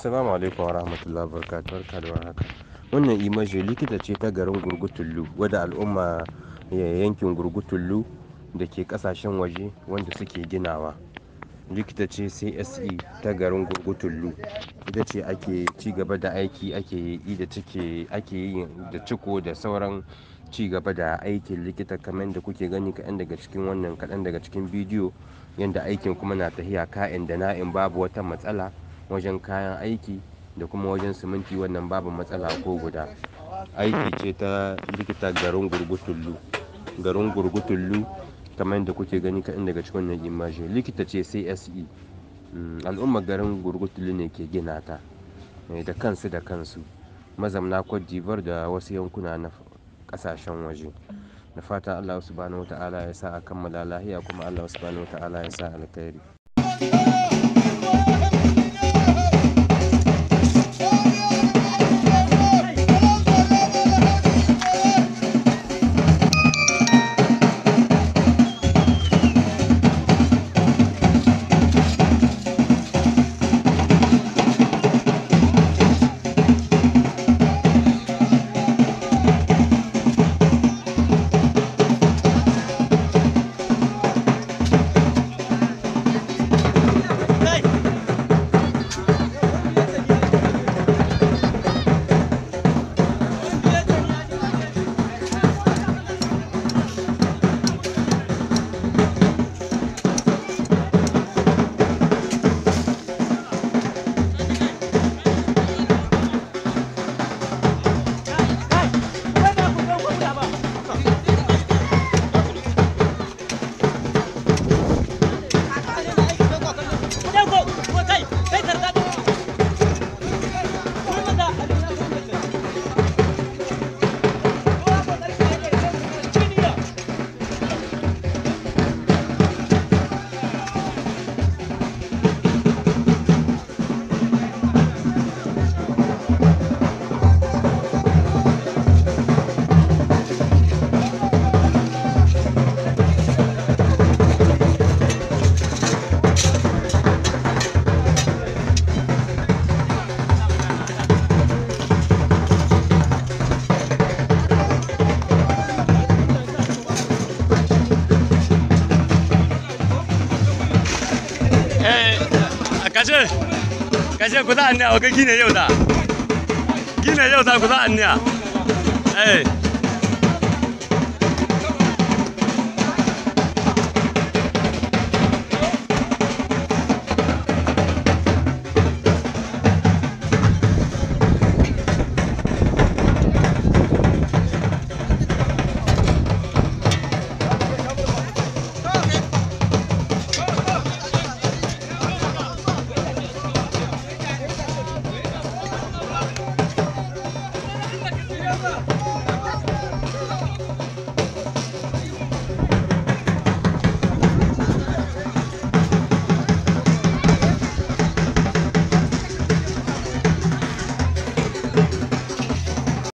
Assalamu alaikum wa rahmatullahi wa Barka da warhaka. Wannan Imaje likita ce ta garin Gurgutullu wadda al'umma yankin Gurgutullu da ke kasashen waje wanda suke ginawa. Likita ce CSE ta garin Gurgutullu. Ita ce ake ci da aiki ake yi da cike ake yi da ciko da sauran cigaba da aikin likita kamar da kuke gani kaɗan daga cikin wannan kaɗan daga cikin bidiyo yanda aikin kuma na tahiya ka'in da na'in babu wata matsala. wajen kayan aiki da kuma wajen siminti wannan babu matsala ko guda aiki ce ta likita garin gurgutullu garin gurgutullu kamar yadda kuke gani kaɗan daga cikin wannan imajin likita ce cse mm, al'ummar garin gurgutullu ne ke gina ta eh, da kansu da kansu mazamna Côte d'ivoire da wasu yankuna na kasashen waje da fata allah subhanahu wa ta'ala ya sa a kammala lahiya kuma allah subhanahu wa ta'ala ya sa alkhairi kashe kashe ku za a niya gine yau da gine yau da ku za a niya